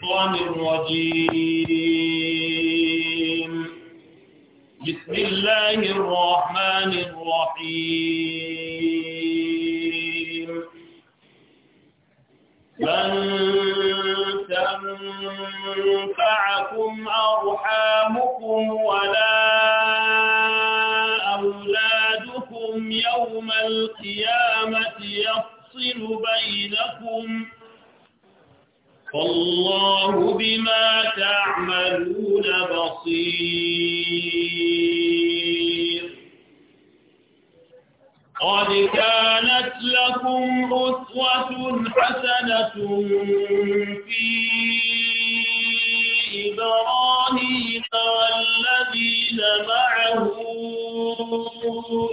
الشيطان الرجيم بسم الله الرحمن الرحيم لن تنفعكم أرحامكم ولا أولادكم يوم القيامة يفصل بينكم فالله بما تعملون بصير قد كانت لكم أسوة حسنة في إبراهيم والذين معه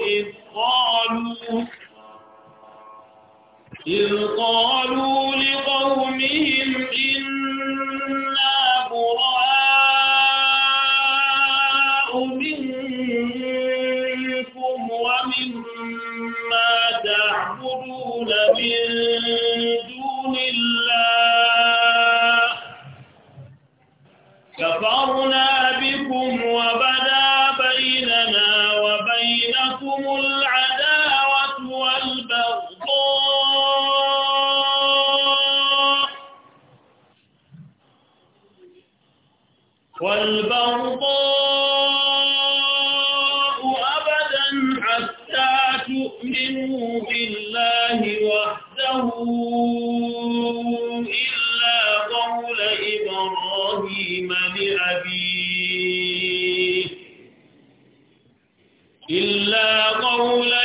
إذ قالوا إذ قالوا لقومهم إنا براء منكم ومما تعبدون من دون الله لله وحده إلا قول إبراهيم لأبيه إلا قول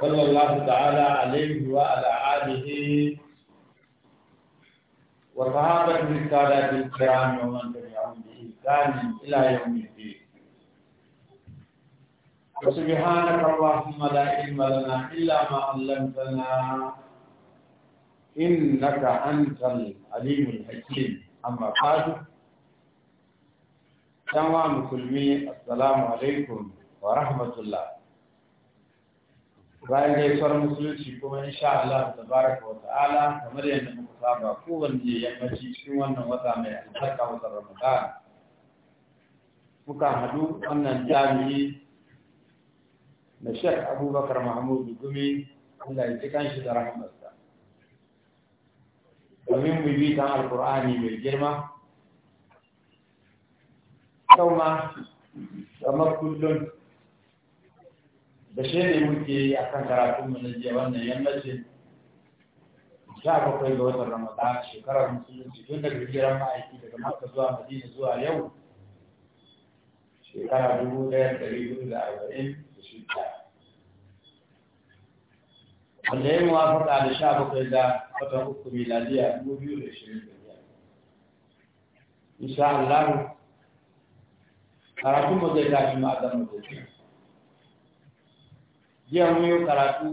صلى الله تعالى عليه وعلى آله وصحابته السادات الكرام ومن تبعهم بإحسان إلى يوم الدين وسبحانك اللهم لا علم لنا إلا ما علمتنا إنك أنت العليم الحكيم أما بعد تمام مسلمي السلام عليكم ورحمة الله bayan fara musulunci kuma in sha Allah da tabaraka wa ta'ala kamar yadda muka saba kowanne yammaci cikin wannan wata mai albarka wata Ramadan muka hadu wannan jami'i na shek Abubakar Mahmud Gumi Allah ya ji shi da rahmarsa domin mu bi ta alkur'ani mai girma kauma kamar kullum da shi ne muke a kan karatun mu na jiya wannan yammacin sha bakwai ga watan ramadan shekarar musulunci tun daga jiran ma'aiki daga maka zuwa madina zuwa yau shekara dubu ɗaya da ɗari hudu da arba'in da shida wanda ya yi muwafaka da sha bakwai ga watan uku miladiya dubu biyu da ashirin da biyar insha Allah mu zai tashi ma'azan mutum jiya mun yi karatu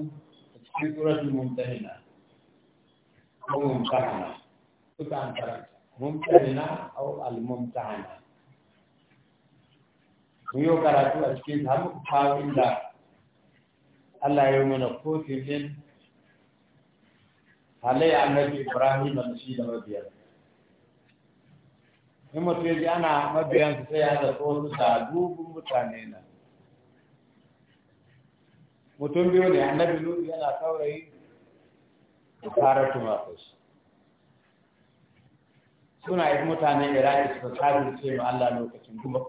a cikin suratul mumtahina ko mumtahana suka an karanta mumtahina au al mumtahana mun yi karatu a cikin har muka kawo inda Allah ya yi mana kotun din halayya annabi Ibrahim da shi da mabiyarsa in mutum ya ji ana mabiyansu sai ya zato wasu da dubin mutane na mutum biyu ne annabi lut yana saurayi da faratu masu suna yi mutane iraki suka ce ma Allah lokacin guma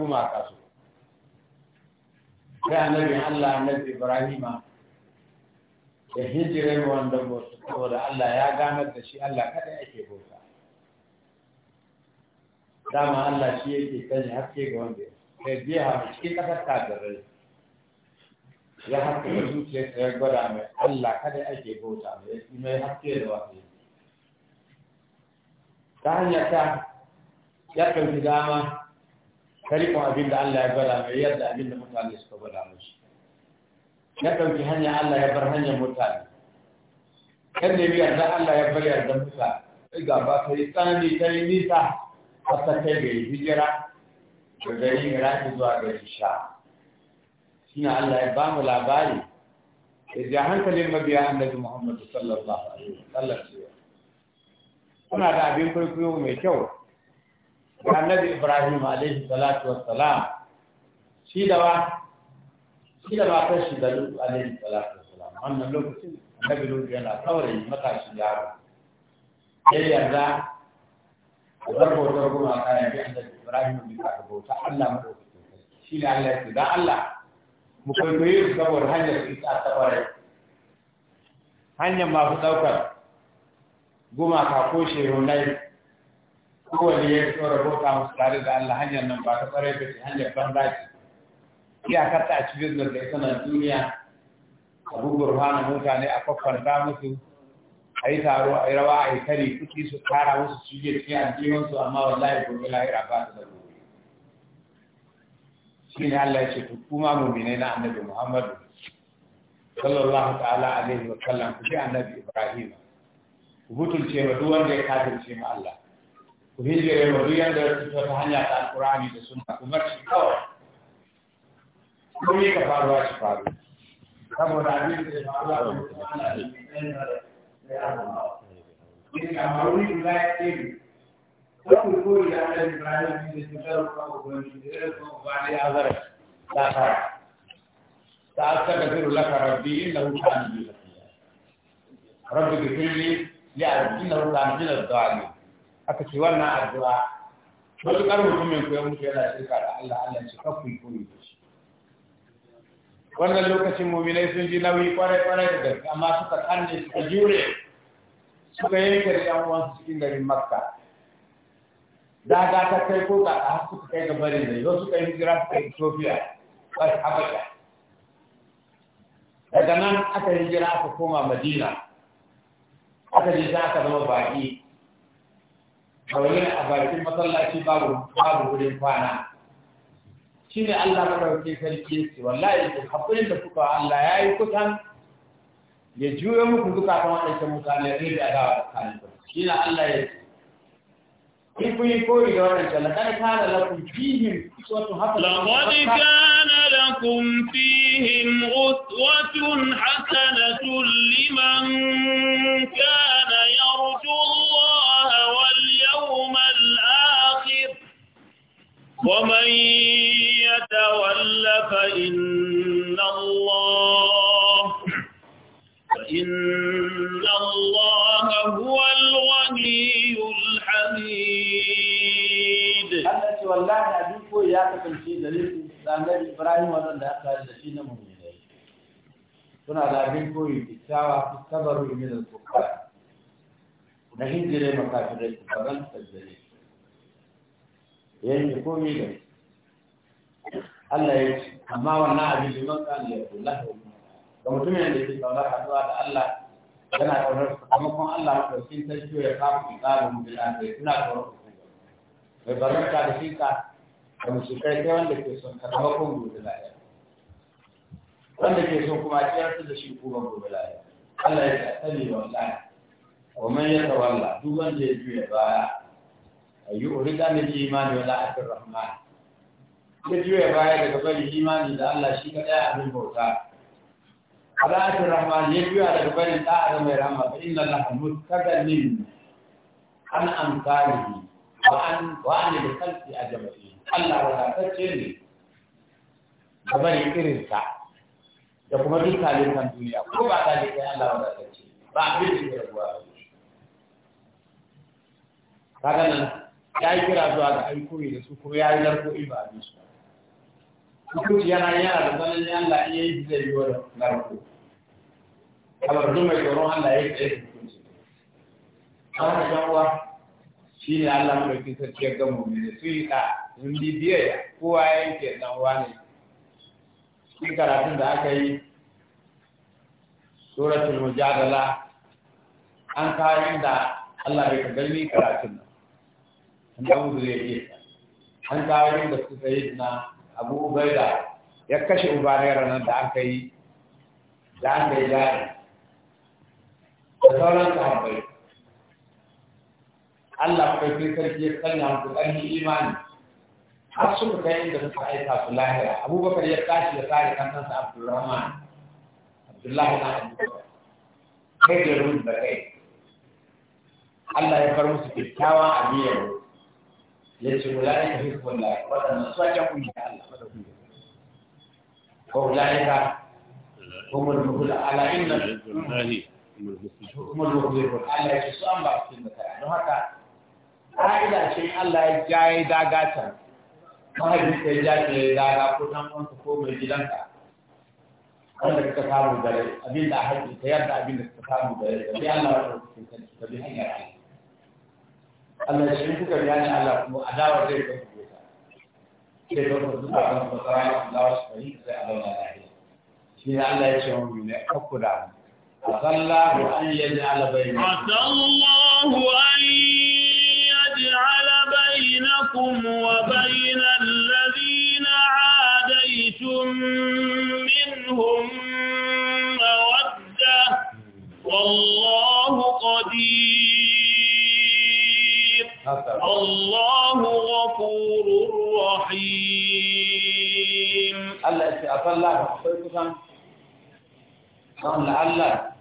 gumaka su sai annabin Allah annabi Ibrahima da hijirar wanda bautu saboda Allah ya ganar da shi Allah kada yake bauta dama Allah shi yake sanya haske ga wanda ya biya cikin ƙasar kagarai ya haske da ta ya gwada mai Allah kada ake bauta mai mai haske da wasu ta hanyar ta ya ɗauki dama ta riƙon abin da Allah ya gwada mai yadda abin da mutane suka gwada musu ya ɗauki hanya Allah ya bar hanyar mutane kan ne biyar da Allah ya bar yarda mutane ga ba ta yi tsanani ta yi nisa a ta kai yi hijira da gari Iraki zuwa gari sha'a shine Allah ya bamu labari ya ja hankalin mabiya annabi Muhammad sallallahu alaihi wasallam kuna da abin kwaikwayo mai kyau da annabi Ibrahim alaihi salatu wassalam shi da ba, shi da ba matar shi da Lut alaihi salatu wassalam wannan lokacin annabi Lut yana saurayi matashi yaro ya yarda bar bautar gumaka ya bi annabi Ibrahim bi ka bauta Allah madaukakin sarki shi ne Allah ya ce da Allah mu kwaikwaye su saboda hanyar su ta tabarai hanyar masu ɗaukar gumaka ko shehunai kowane ya tsora bauta musu tare da Allah hanyar nan ba ta ɓarai ba ce hanyar banza ce iyakar ta a cikin da ita nan duniya a gugur mutane a kwakwanta musu a yi taro a yi rawa a yi kari kuɗi su kara musu ke cikin su amma wallahi gobe lahira ba ta da gobe shine Allah ya ce kuma mu'mine na annabi Muhammadu sallallahu ta'ala alaihi wa sallam ku annabi Ibrahim ku butulce ma duk wanda ya kafirce ma Allah ku hijire ma duk wanda ya fito ta hanya ta Alqur'ani da Sunna ku bar shi kawai ko ka faruwa shi faru saboda abin da ya faru a Qur'ani da Sunna da ya faru ne kamar wani da ya don ku da da ya zara fara ta da rabbi rabbi ya wannan addu'a matuƙar mutumin ku ya mutu wannan lokacin muminai sun ji nauyi kwarai kwarai da gaske amma suka kanne suka jure suka yanke da yan uwansu cikin garin makka daga ta kai ko ka har suka kai ga bari da yau suka yi hijira suka yi Ethiopia wai Habasha daga nan aka yi hijira aka koma Madina aka je sai aka zama baƙi. kawai a bakin masallaci babu babu wurin kwana ne Allah ka madaukakin sarki yace wallahi ku hakurin da kuka Allah ya yi kusan ya juya muku duka kan wannan mutane da da adawa da kalifa shine Allah ya لقد كان لكم فيهم أسوة حسنة لمن كان يرجو الله واليوم الآخر ومن يتول فإن الله إن الله هو الغني الحميد التي والله نبيك يا تكن شيء دليل دعنا إبراهيم هذا لا أكاد شيء نمني له كنا لا نبيك يتساوى في الصبر من الكفار نحن جل مكافر الكفار تجدي يعني كم يدري الله يجزي ما ونعبد الله يقول له ga mutumin da ke kaunar haɗuwa da Allah yana kaunar sakamakon Allah ta sarki ya kafa tsarin suna ya tuna kaunar mai barnata da ka, da musulkai sai wanda ke son sakamakon gobe lafiya wanda ke son kuma yarsu da shi kuma gobe lafiya Allah ya ta wallahi wa man yatawalla duk wanda ya juya baya ayu urida min imani wala akir rahman Ina juya baya daga bari imani da Allah shi kadai abin bauta Ala'atun Rahman ya biya daga barin ɗa'a da mai rama fa inna laha mustaqallin an amsalihi wa an wa da kalfi a jama'i Allah wadatacce ne ga barin irin sa da kuma duk kan duniya ko ba ta da Allah wadatacce ba a abin da ya rabuwa ba kaga nan ya yi kira zuwa ga aikoyi da su kuma ya yi larko ba abin su hukunci yana yana da sanin Allah iya yi zai yi wa narko albarkun mai tsoron Allah ya tsaye hukunci amma kan uwa shi ne Allah mai ɗauki sarki ya gamu ne da su yi ɗa sun bi biyayya kowa ya yanke ɗan uwa ne cikin karatun da aka yi suratul mujadala an kawo inda Allah bai ka gani karatun nan an da mu zai yi an kawo inda suka yi na abu ubaida ya kashe uba naira nan da aka yi da aka yi jari da sauran sahabbai Allah kai kai sarki ya sanya musu yi imani har sun kai inda suka aika su lahira abubakar ya tashi ya kare kansa abdulrahman abdullahi na abubakar kai da rubuta kai Allah ya bar musu kyakkyawan abiyar yau ya ce wula ya tafi wula waɗanda su ake kunshi Allah ko wula kuma da ala inna kuma da hula Allah ya ce su an ba su cikin mutane Allah ya jaye dagatan mahaifin ka ya jaye daga ko ɗan uwanka ko mai gidanka wanda ka samu gare abinda a haƙƙi ka abinda ka samu gare ka bi Allah ya ka cikin bi hanyar Allah Allah shi kuka bayani Allah kuma adawa zai kai ku ta sai da ku zuwa kan fasara Allah shi kai sai Allah ya yi shi ne Allah ya ce mu ne akkuda asallahu an yaj'ala bainakum asallahu an yaj'ala bainakum wa bainal ladina adaitum minhum mawadda والله قدير الله غفور رحيم الله استعفى الله وحفظكم قال الله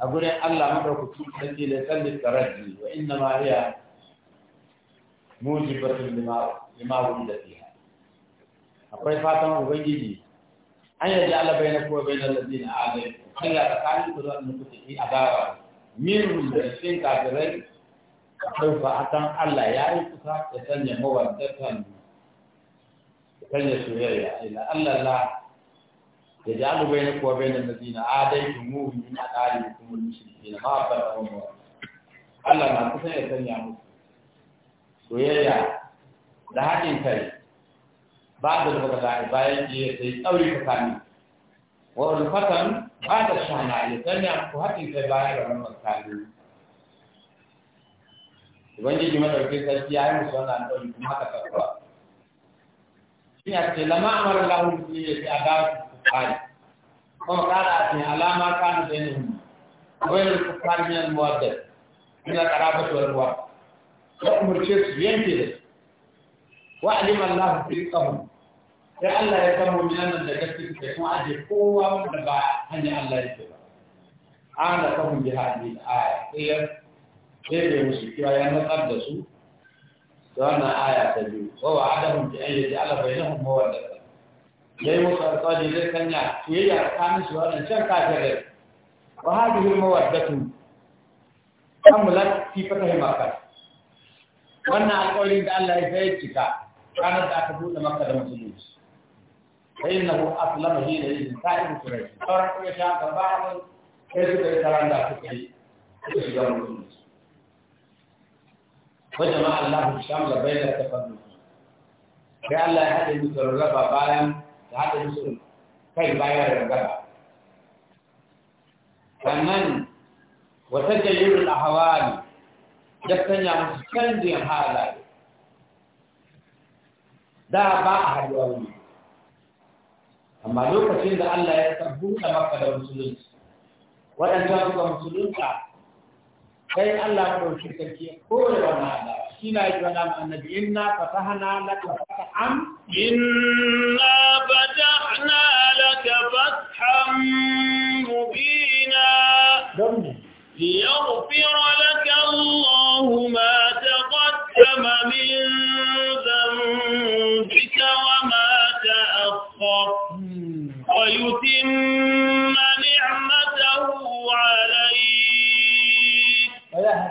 أقول الله مدرك التي لسلك رجلي وإنما هي موجبة لما ولد فيها أقول فاتم وبنجي أن يجعل بينك وبين الذين آمنوا خلى تقاليد أن نكتب في أدارة منهم برسين كافرين akwai fatan Allah ya yi kusa ya sanya mawadatan ya sanya soyayya ila Allah la ya ji alu bai na kuwa bai na mazina a dai ku mu yi na ɗari da kuma mushriki na ma a da wani Allah na kusa ya sanya musu soyayya da haɗin kai ba da daga da bayan ya sai tsauri tsakani wa fatan ba da shana ya sanya ku haɗin kai bayan da wannan ubangiji madaukin sarki ya yi musu wannan alƙawari kuma haka kasuwa shi ya ce lama amara lahu ne ya a dawo su kare kuma kara a cikin alama kanu da yanayin wayar su kare min al-muwaddad ina karaba su ruwa ya umarce su yanke da su wa alima Allah fi qawm sai Allah ya san mu'minan da gaske da kuma aje kowa wanda ba hanya Allah yake ba ana qawm bi hadhihi al-aya sai daidai musu cewa ya matsar da su da wannan aya ta biyu wa wa adahum bi an yaj'ala bainahum mawaddatan yayi musu alƙawari zai sanya soyayya tsakanin su wannan can kafirai wa hadhihi mawaddatu kamulat fi fatahi makkah wannan alƙawarin da Allah ya sai cika ranar da aka buɗe maka da musulunci fa innahu aslama hina idin sa'ibu quraish sauran kuma ta gaba sai suka yi karanda suka yi suka shiga musulunci وجمع الله الشمل بين التفرد sai Allah ya haɗe musu rarraba bayan ya haɗe musu kai bayan rarraba sannan wata jayyar ahawali ya sanya musu canjin halaye da ba a haɗuwa wuri amma lokacin da Allah ya san buɗe maka da musulunci waɗanda suka musulunta sai Allah ya dauki sarki ko da wannan Allah shi na yi wannan annabi inna fatahna laka fathan inna fatahna laka fathan mubina ليغفر لك الله ما تقدم من ذنبك وما تأخر ويتم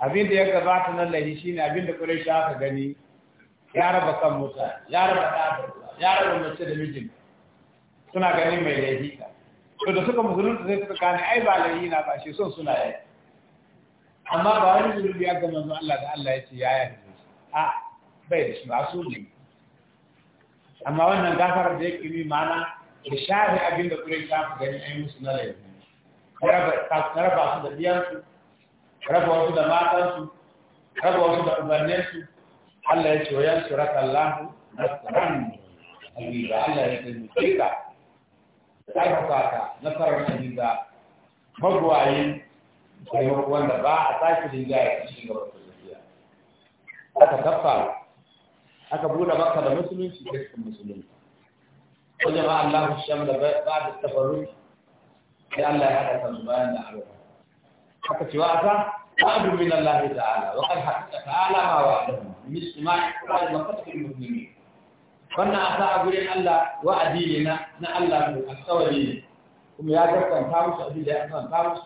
Abinda ya gabata nan lahi shine abinda da Quraysh aka gani ya raba kan mota, ya raba da ya raba mace da mijin suna gani mai laifi to da suka musulunta sai suka kani ai ba lahi na ba shi son suna yi amma ba wani zurbi ya ga manzo Allah da Allah ya ce ya yi a bai da shi ba su ne amma wannan gafarar da yake yi mana da shafi abinda da Quraysh aka gani ai musu na laifi raba su da biyansu raba wasu da matansu raba wasu da ubanninsu Allah ya ce wa yansu raka Allah nasaran Habiba Allah ya taimake ka ƙarfafa ka nasarar Magwaye magwayin taimako wanda ba a sake rinjaya a cikin gaba da aka kafa aka buɗe maka da musulunci da cikin musulunci wajen ma Allah sham da ba da tabarru sai Allah ya haɗa kan bayan da Allah aka ce wa وعد من الله تعالى وقد حقق تعالى ما وعده من اجتماع كفار مكة المسلمين wannan a sa a gurin Allah wa'adi ne na na Allah ne alƙawari ne kuma ya gaskanta musu abin da ya ta musu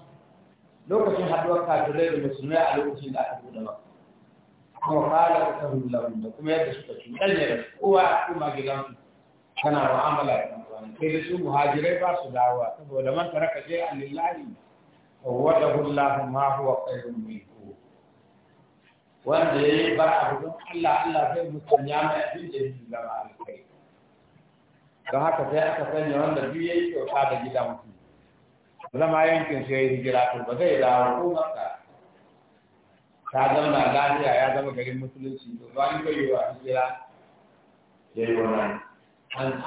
lokacin haduwar kafirai da musulmai a lokacin da aka buɗe ba kuma kala ta tahu da kuma yadda suka ci kanye da kowa kuma gidan kana amala da kan kai da su muhajirai ba su dawowa saboda man taraka shay'an lillahi ووعده الله ما هو خير منه wanda ya yi ba a don Allah Allah zai musanya mai abin da yake zama alkai don haka sai aka sanya wanda duk ya yi kyauta da gida mutum zama yankin sai ya hijira to ba zai dawo ko maka ta zama lafiya ya zama garin musulunci to yi wa hijira wannan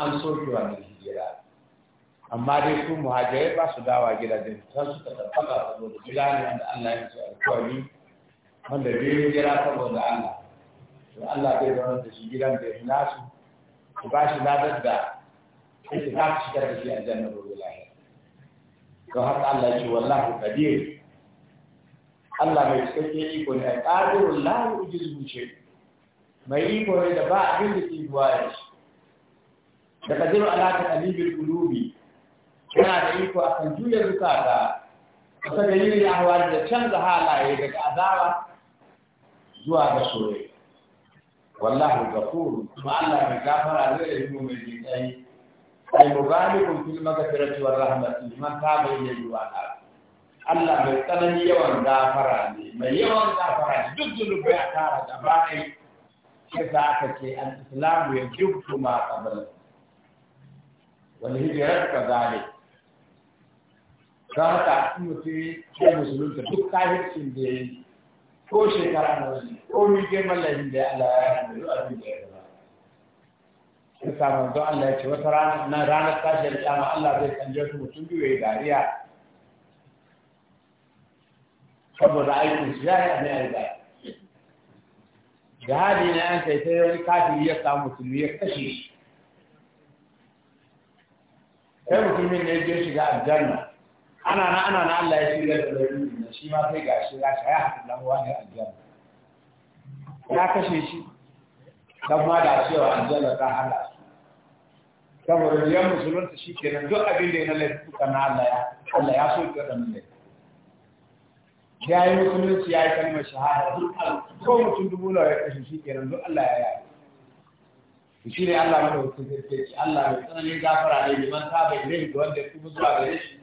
an hijira amma dai su muhajirai ba su dawa gidajen san su tabbata saboda gida ne wanda Allah ya ce alkawari wanda bai jira da Allah to Allah bai zama da shi gidan da ya nasu ku ba shi ladar dadda. ita za ta shigar da shi a jannar gobe lahiya to haka Allah ya ce wallahi kadir Allah mai yi iko ne a ƙadirun lahi ujizu ce mai iko ne da ba abin da ke buwa ya shi da kadiru alaƙar alibin kulubi yana da iko akan juya zukata kasa da yin yawar da canza halaye daga azaba zuwa ga soyayya wallahu ghafur kuma Allah mai gafara zai da yi mai jinkai ay mubalikun fil maghfirati war rahmati ta taba ilayhi wa ala Allah mai tsanani yawan gafara ne mai yawan gafara ne duk zunubi a tara da ba'i sai za ka ce al-islamu ya jubtu ma qabla wal hijrat kadhalik don haka in mutum ya musulunta duk kafircin da ya yi ko shekara na wani ko mi girman laifin da ya Allah ya yi duk abin da ya gaba. Isa manzo Allah ya ce wata rana na ranar tashiyar kyama Allah zai canja su mutum biyu ya yi dariya saboda aikin su ya yi abin ya yi dariya. Jihadi na an kai sai wani kafin ya samu musulmi ya kashe shi. Sai musulmin ne ya je shiga aljanna ana na ana na Allah ya shirya da lauyoyi da shi ma sai ga shi ya shaya hakan dan wani aljanna ya kashe shi dan ma da cewa aljanna ta Allah saboda ya musulunta shi ke nan duk abin da yana laifi kuka na Allah ya Allah ya so ki waɗannan laifi ya yi musulunci ya yi kalma shahada duk ko mutum dubu na ya kashe shi ke nan duk Allah ya yi shi ne Allah mai da hukuntar ce Allah mai tsananin gafara ne liman ta bai da wanda ya kuma zuwa gare shi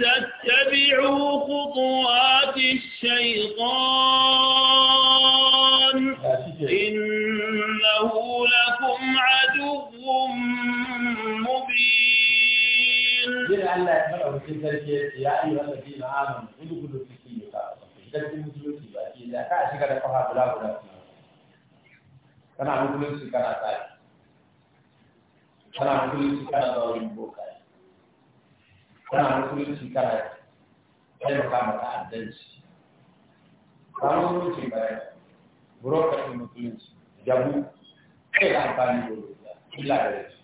تتبعوا خطوات الشيطان إنه لكم عدو مبين يا أيها الذين آمنوا ادخلوا في السلم كافة musulunci ba ke da kana musulunci kana tsari kana musulunci kana zaurin boka wani kana musulunci kana taimaka ma ta'addanci ba musulunci ba ya burokacin musulunci jabu kai da amfani da ruwa illa da yake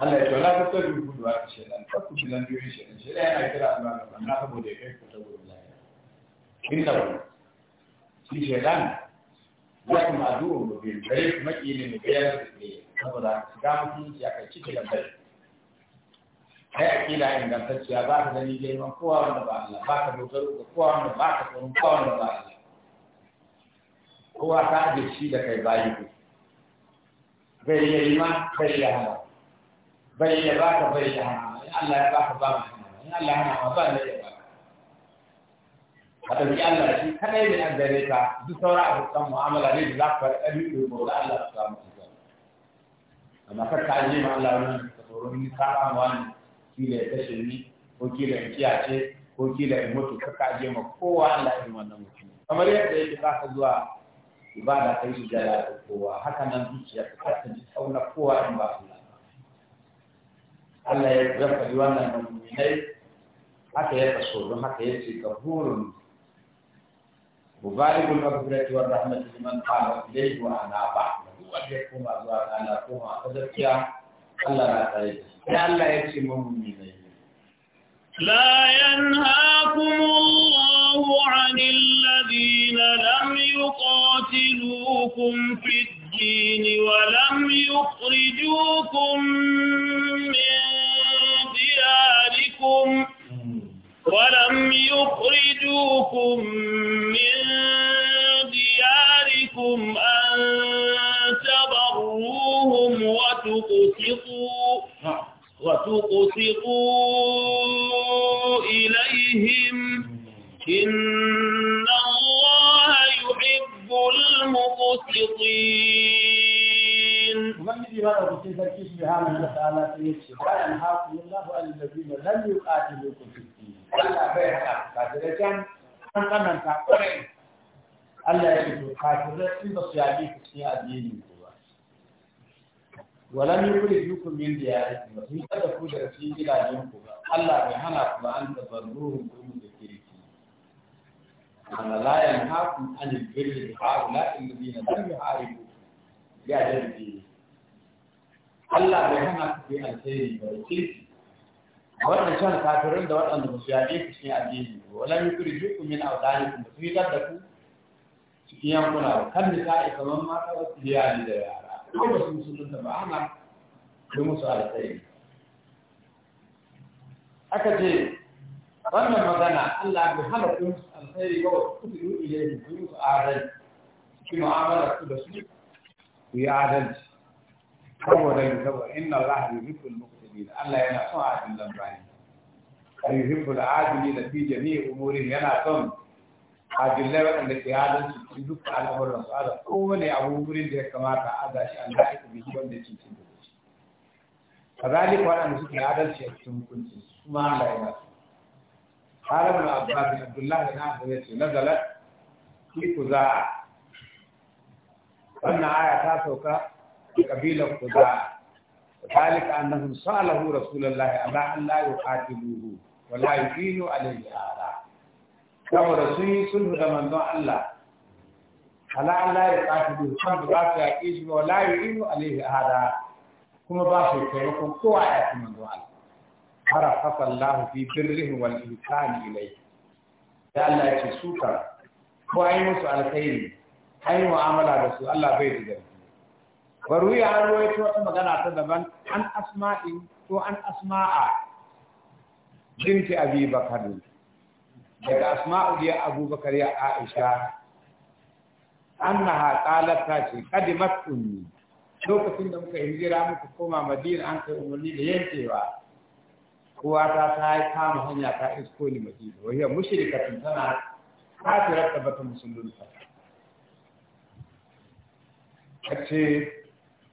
Allah ya ce wala ta tabi ku da wata shedan ta ku bilan biyoyin shedan shedan yana kira Allah na na saboda ya kai ku ta wurin lafiya kin ta ku shi shedan ya kuma addu'o mu bi bai maki ne mu bayar da ke saboda shiga mutunci aka cike da bai kai akida ingantacciya za ka gani girman kowa wanda ba Allah ba ka dogaro ga kowa wanda ba ka tsoron kowa wanda ba Allah kowa ka aje shi da kai bayi ku bai iya yi bai iya hana bai iya ba ka bai iya hana in Allah ya ba ka ba ma hana in Allah hana ma ba ne ya ba ka ɗauki Allah shi kadai ne an gare ka duk sauran abokan mu'amala ne da za ka faɗi ɗari ɗari ba Allah ya samu amma kar ka aje ma Allah wani ka tsoron ni ka ba wani kila ya kashe ko kila in kiyace ko kila in mutu kaka aje ma kowa Allah irin wannan mutum kamar yadda yake ba ka zuwa ibada kai a jala ko kowa haka nan zuciya ka kasance tsauna kowa in ba Allah Allah ya rafa yi wannan mu'minai haka ya kaso don haka ya ce gafurun مبارك المغفرة والرحمة لمن قام إليه وأنا بعد هو اللي يقوم أزواج أنا أقوم أتذكر لا ينهاكم الله عن الذين لم يقاتلوكم في الدين ولم يخرجوكم من دياركم ولم يخرجوكم تقسطوا إليهم إن الله يحب المقسطين ومن الإمام أبو سيدة كيش من الله تعالى الله أن الذين لم يقاتلوكم في الدين ولا بيعها قادرة كان من كان قرأ الله يقول قادرة إن تصيابي في الدين walam yukhrijukum min diyarikum sun ku ba Allah hana ku ba an tabarruhum ku mu da kirki ana ya Allah wannan shan kafirin da waɗanda ba su yaɗe ku cikin addini ba walam yukhrijukum min awdanikum ba sun ku cikin yankuna ba kan nisa'i kamar mata wasu yi da yara ko ba su musulunta ba ana da musu alkhairi aka ce wannan magana Allah bai hana ku musu alkhairi ba wasu kudu yi ilai ku yi musu adalci ki mu'amala ku da su ku yi adalci saboda yin saboda inna Allah yuhibbul muqtadin Allah yana son adilan bayi yuhibbul da fi jami'i umuri yana son adillai waɗanda ke halin su cikin duk al'amuran su ala kowane abu wurin da ya kamata a aza shi an da'i ku biyu wanda ke cikin da shi kwana da suke adalci a cikin hukuncin su kuma Allah ya nasu halin na abbas abdullahi na abu ya ce nazalat ki ku za'a wannan aya ta sauka da kabilar ku za'a ذلك أنهم سأله رسول الله أبا buhu, لا يقاتلوه ولا يقيلوا alayhi آه saboda sun yi sulhu da manzon Allah ala Allah ya kafi duk kan ba su yaƙi shi ba la inu alaihi ahada kuma ba su taimakon kowa ya ci manzon Allah har haka Allah fi birrihi wal ihsani da Allah ya ce suka ko ayi musu alkhairi ayi mu'amala da su Allah bai da zargi baru ya an rawaito wata magana ta daban an asma'i ko an asma'a binti abi bakar daga asma'u ya abubakar ya aisha annaha qalat ta ce kadimat ummi lokacin da muka hijira muka koma madina an kai umarni da yankewa kuwa ta ta yi kama hanya ta isko ni madina wa hiya mushrikatun tana kafirar ta bata musulunta kace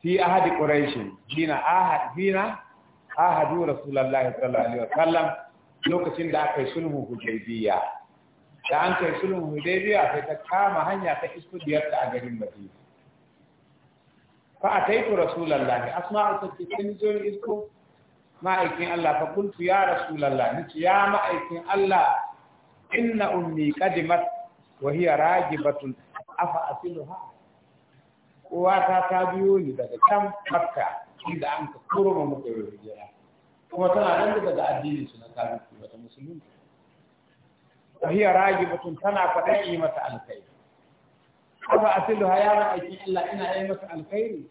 fi ahadi quraish dina ahad dina ahadu rasulullahi sallallahu alaihi wasallam lokacin da aka yi sulhu hudaybiya da an kai sulhu hudaybiya sai ta kama hanya ta isko diyarta a garin madina fa ataitu rasulullahi asma'u tace kin zo isko ma'aikin Allah fa kuntu ya rasulullah nace ya ma'aikin Allah inna ummi qadimat wa hiya rajibatun afa asiluha uwa ta ta biyo ni daga can makka inda an ka kuro ma muka yi kuma tana nan daga addinin su na kafin musulmi wa hiya mutum tana faɗa yi mata alkhairi afa asilu hayana aiki illa ina yi mata alkhairi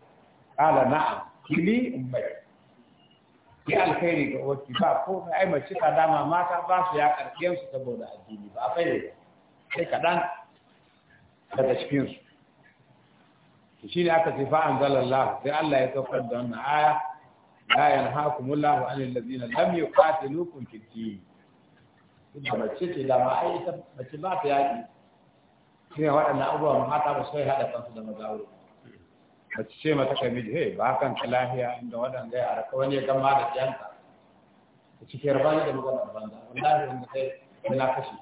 qala na'am kili bai. ki alkhairi ga wacce ba ko ai mace ta dama mata ba su ya karfiyan su saboda addini ba a fayyada sai kaɗan daga cikin su shi ne aka ce fa'an zalallah sai Allah ya saukar da wannan aya la yanhaakumullahu anil ladzina lam yuqatilukum fid din da mace ce da ma ai ita mace ba ta yaƙi shine waɗannan abubuwa mata ba su haɗa kansu da maza wuri mace ce mata ka miji hey ba kan ka lahiya inda waɗanda ya arka wani ya gama da jiyanta da cikin rabani da maganar banza wallahi wanda kai yana kashe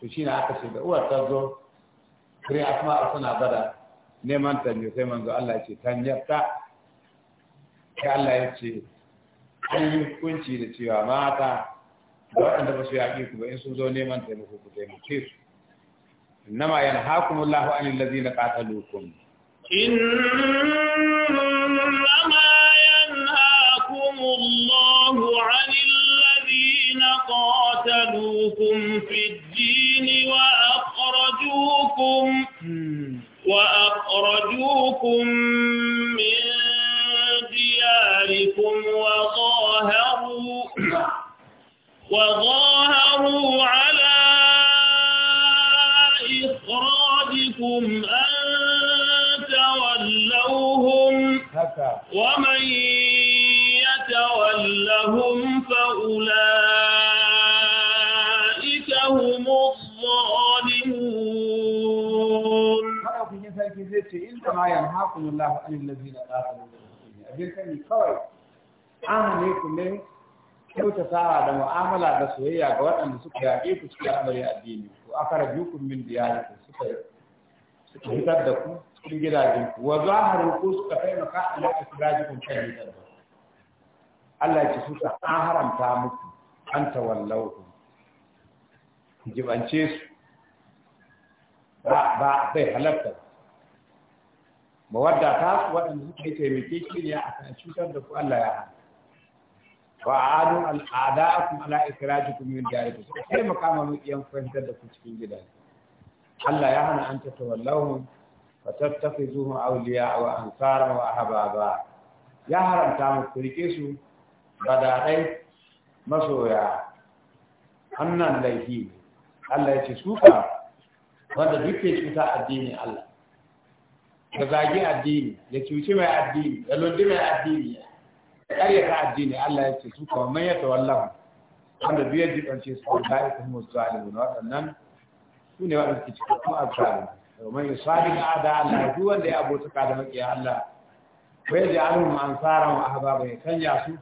to na aka ce da uwar ta zo kare asma suna bada neman ta ne sai manzo Allah ya ce tanyarta sai Allah ya ce an yi hukunci da cewa mata وأنت بس في عقيدك وإن سوزوني من تنفو كتين كثير إنما ينهاكم الله عن الذين قاتلوكم في الدين وأخرجوكم وأخرجوكم من دياركم وغاركم وظاهروا على إخراجكم أن تولوهم ومن يتولهم فأولئك هم الظالمون إنما ينهاكم الله عن الذين آمنوا أبين كان يقول عنهم يكون kyautata da mu'amala da soyayya ga waɗanda suka yaƙe ku cikin al'amari addini ko rabu ku min ku suka suka fitar da ku cikin gidajen ku wa zaharu ku suka taimaka ala ikhrajikun kan da Allah ya suka an haramta muku an tawallau ku jibance su ba ba bai halatta mawadda ta waɗanda suka yi taimake shi ne a kan cutar da ku Allah ya hana wa'adun al'ada a kuma ala ikiraji kuma yin jari kusa sai makama fahimtar da su gida Allah ya hana an tattu wallahu wa tattafi zuhun auliya an tsara wa ahababa ya haramta mu ku rike su badaɗai masoya hannan laifi Allah ya ce suka wanda duk ke cuta addini Allah ga zagi addini ya cuci mai addini ya lundi mai addini ƙarya ka addini Allah ya ce su kuma man ya tawallahu wanda biyar jibance su da ya kuma zalimu waɗannan su ne waɗanda suke cikin kuma azalimu domin ya na ada Allah duk wanda ya abota ka da makiya Allah ko ya ja'alhum tsara wa ahbaba ya sanya su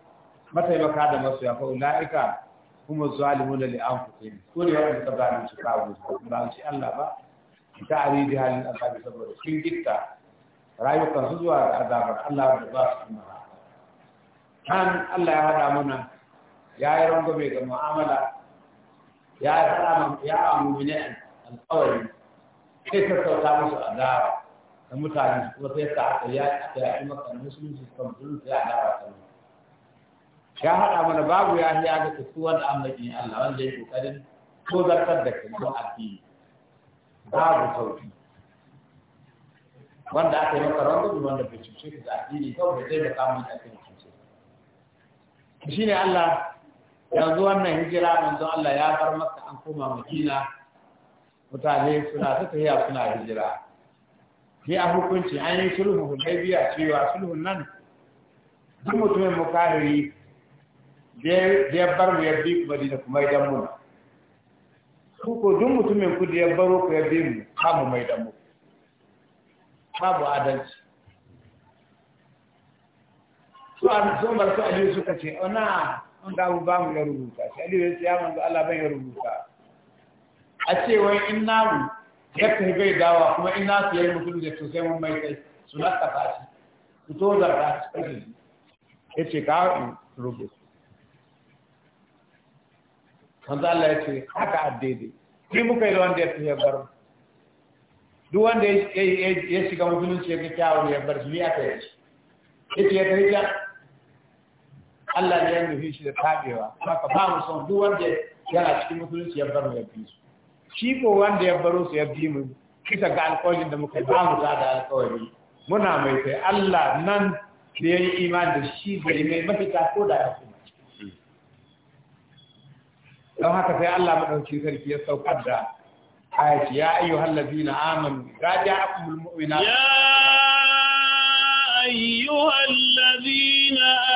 mataimaka da masoya fa la'ika kuma zalimu li anfusihim su ne waɗanda suka su kawo su ba su Allah ba ta'aridi halin azabi saboda sun gitta rayukan su zuwa azabar Allah da ba su kuma nan Allah ya hada mana ya yi rangume ga mu'amala ya yi haɗa ya amumine alkawari sai ta sauta musu dawa da mutane su kuma sai ta haɗa, ya ta yi maka musulunci kan musulunci ya haɗa ta ya hada mana babu ya ya ga kusuwar annabi Allah wanda ya kokarin ko zartar da kuma addini babu sauki wanda aka yi maka rangume wanda bai cuce ka da addini kawai zai taimaka mun a cikin shi ne Allah yanzu wannan hijira manzon Allah ya bar masa an koma Madina mutane suna ta tafiya suna hijira sai a hukunci an yi sulhu hudaybiya cewa sulhun nan duk mutumin mukahiri da ya bar mu ya bi Madina kuma idan mu ku ko duk mutumin ku da ya baro ku ya bi mu kamu mai damu? mu babu adalci su a sun bar su aliyu suka ce ona oh, ba mu ya rubuta shi aliyu ya ya manzo Allah ban ya rubuta a ce wai in ya bai dawa kuma in na su yayi mutum da to sai mun mai kai su na kafa shi su to da ta shi ya ce ka rubuta manzo Allah ya ce haka addede ni muka yi wanda ya fi ya bar duk wanda ya shiga musulunci ya kyawun ya bar shi ni aka yi shi ya ce ya ta Allah ne ya nufi shi da tabewa haka ba mu son duk wanda yana cikin musulunci ya baro ya bi su shi ko wanda ya baro su ya bi mu kisa ga alƙawarin da muka ba mu da alƙawari muna mai kai Allah nan da ya yi imani da shi bai mai mafita ko da ya kuma don haka sai Allah madaukakin sarki ya saukar da ayati ya ayyuhal ladina amanu raja'akumul mu'minat ya ayyuhal ladina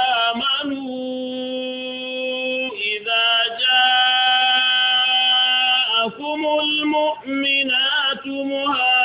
آمنوا إذا جاءكم المؤمنات مهاجرات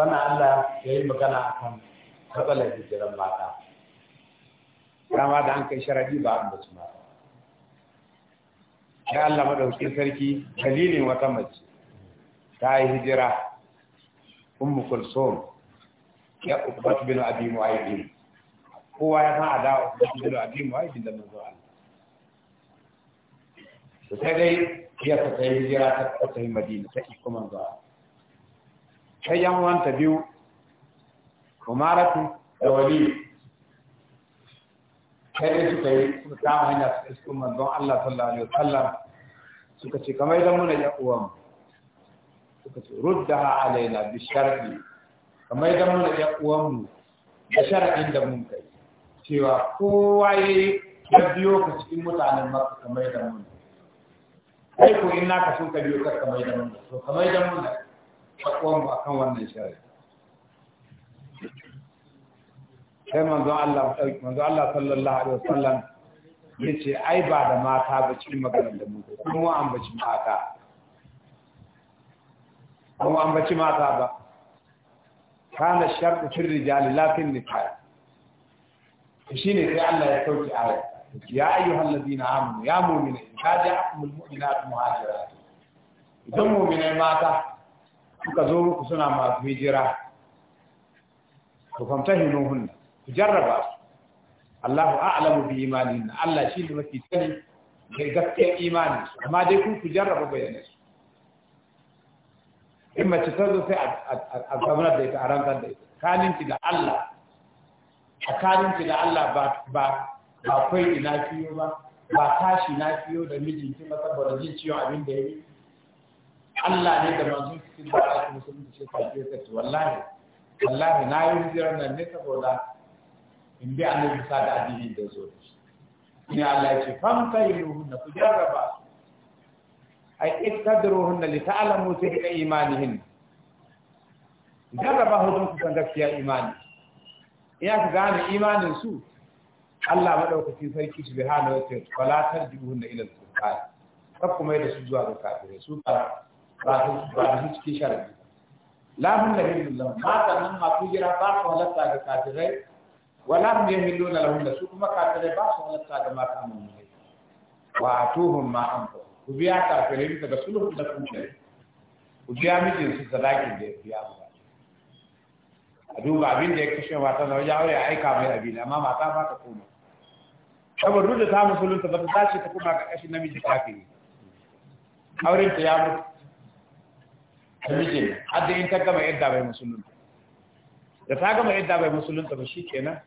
wannan Allah ya yi magana a akan matsalar hijiran mata dama da an kai sharadi ba an basu mata ya Allah madaukakin sarki dalilin wata mace ta yi hijira ummu kulsum ya ubat bin abi mu'ayyid kowa ya san ada ubat bin abi mu'ayyid da manzo Allah sai dai ya ta yi hijira ta ta Madina ta kuma manzo ta wanta biyu umaratu da waliyu kai da suka yi suka kama hanya su iskun manzon Allah sallallahu alaihi wasallam suka ce kamar idan muna ya uwan suka ce ruddaha alaina bi shar'i kamar idan muna ya uwan mu da shar'in da mun kai cewa kowa yayi ya biyo ka cikin mutanen Makka kamar idan muna kai ko in naka sun ka biyo ka kamar idan muna to kamar idan muna takwan ba kan wannan shari'a sai manzon Allah manzon Allah sallallahu alaihi wasallam ce ai ba da mata ba cikin maganar da mu kuma an baci mata kuma an baci mata ba kana shartu fil rijal la fil nisaa shine sai Allah ya sauki aya ya ayyuhal ladina amanu ya mu'mina in kaja akumul mu'minatu muhajirat idan mu'minai mata suka zo muku suna masu hijira ku famtahinuhun ku jarraba su Allahu a'lamu bi imanin Allah shi ne mafi sani da gaskiyar imani amma dai kun ku jarraba bayanan su in mace ta zo sai a zaunar da ita a rantar da ita kalinki da Allah a kalinki da Allah ba ba kwai ina fiyo ba ba tashi na fiyo da mijinki ba saboda jin ciwon abin da ya yi Allah ne da manzon su ba a kuma sun ce ka ce ka wallahi wallahi na yi hijirar nan ne saboda in bi annabi sa da addini da zo ne Allah ya ce fam kayruhunna ku jarraba ay iktadruhunna li ta'lamu sihra imanihin jarraba hudun ku san gaskiya imani ya ka gane imanin su Allah madaukakin sarki subhanahu wa ta'ala wala tarjibuhunna ila al-kufar kar kuma yadda su zuwa ga kafirai su kara ba ba cikin sharadi lahun da rin lahun mata nan ma kujira ba su halatta ga kafirai wala hum yamilluna lahum da su kuma kafirai ba su halatta ga mata mu'minai wa atuhum ma an ku biya kafirai daga sulhu da kun shari ku biya mijin su sadakin da ya biya mu a duba abin da ya kashe mata na wajen aure a aika mai abin amma mata ba ta koma saboda duk da ta musulunta ba ta tashi ta kuma ga kashin namiji kafiri auren ta ya mutu ta mijin hadda in ta gama yadda bai musulunta da ta gama yadda bai musulunta ba shi kenan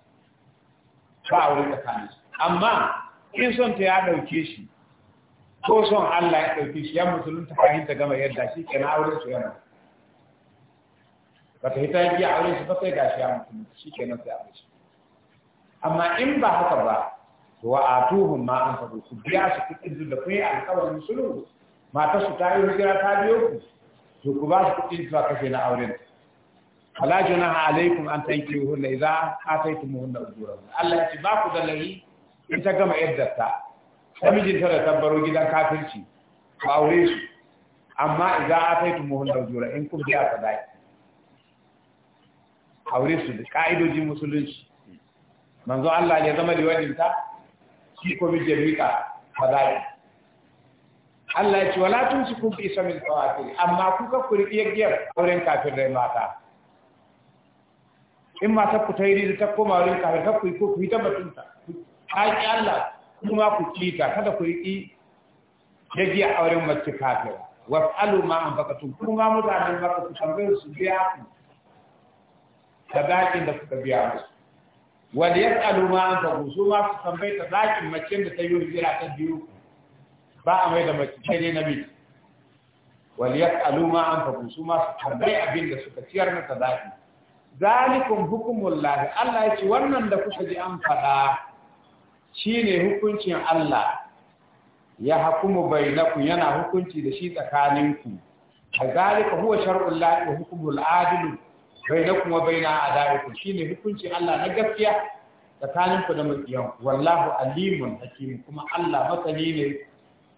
ba a wurin tsakanin amma in son ta ya ɗauke shi ko son Allah ya ɗauke shi ya musulunta kafin ta gama yadda shi kenan a wurin su yana ba ta hita a wurin su ba sai gashi ya musulunta shi kenan sai wurin su amma in ba haka ba wa tuhun ma an faru su biya su kuɗin da kun yi alƙawarin sulhu matar su ta yi hijira ta biyo ku to ku ba shi kuɗin zuwa kashe na auren ala junaha alaikum an tankihuhunna idza ataytumuhunna ujurahunna Allah ya ce ba ku da lahi in ta gama yadda ta namijin ta da tabbaro gidan kafirci ku aure su amma idza ataytumuhunna ujura in kun biya sadaki aure su da ka'idoji musulunci manzo Allah ya zama liwadin ta shi ko mijin rika sadaki Allah ya ce wala tun kun fi samil tawafi amma ku ka ya yaggiyar auren rai mata in mata ku ta yi ta koma wurin kafin ta ku yi ko ku yi ta ta yi Allah kuma ku ta kada ku ya yaggiya auren mace aluma an ma tun kuma mutane maka ku tambayar su biya ku dakin da kuka biya musu ya yas'alu ma baka su ma su tambayar da dakin mace da ta yi jira ta biyu ba a mai da mace sai dai nabi wal yasalu ma anfaqu su ma su tambayi abin da suka ciyar na sadaqi zalikum hukumullahi Allah ya ce wannan da kuka ji an faɗa shine hukuncin Allah ya hakumu bainaku yana hukunci da shi tsakaninku kazalika huwa shar'ul lahi wa hukumul adil bainakum wa baina adaikum shine hukuncin Allah na gaskiya tsakaninku da makiyan wallahu alimun hakim kuma Allah masani ne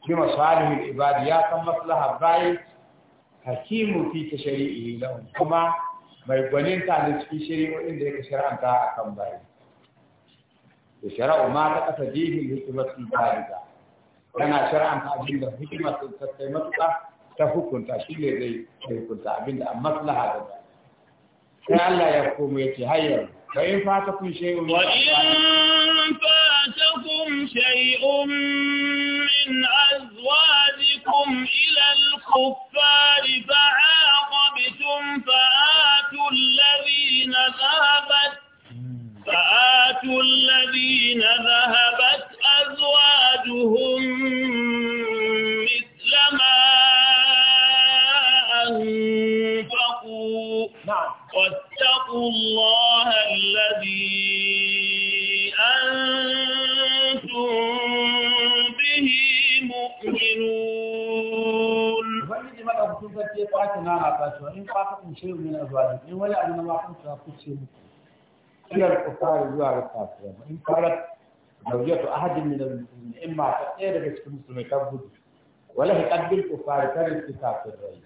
bi masalihil ibadi ya san maslaha baya, hakimu fi tashri'i lahum kuma mai gwaninta ta ne cikin shari'o'in da yake shar'anta akan bayi da shara'u ma ta kasa jihin hikimatul bariga yana shar'anta abin da hikimatul tattai matuƙa ta hukunta shi ne zai hukunta abin da maslaha da bayi sai Allah ya komo ya ce hayyar in بكم إلى الكفار فعاقبتم فآتوا الذين ذهبت فآتوا shay'un min azwalim in wani abu na matan ta kuce mu kiyar kufar zuwa ga kafirai in fara karat zawjatu ahadin min al-muslimin in ma ta ɗaya daga cikin musulmai ta gudu wala hiqad bil kufar tarin kafirai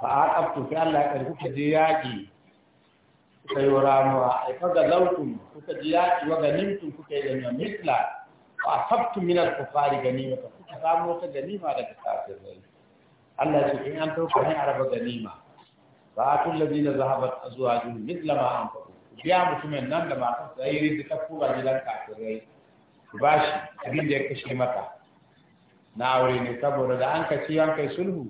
fa aqabtu fi Allah ya karku je yaki kai waramuwa ai kaga laukum kuka ji yaki wa ganimtum kuka yi ganima mitla fa asabtum min al-kufar ganima kuka samu wata ganima daga kafirai Allah ce in an tauka ne a raba ganima ba a tun labi na zahabar a zuwa jini mitla ma an faɗo biya mutumin nan da matar sa yi rinda ta kura gidan kafirai ku ba shi abin da ya kashe mata na aure ne saboda da an kace an kai sulhu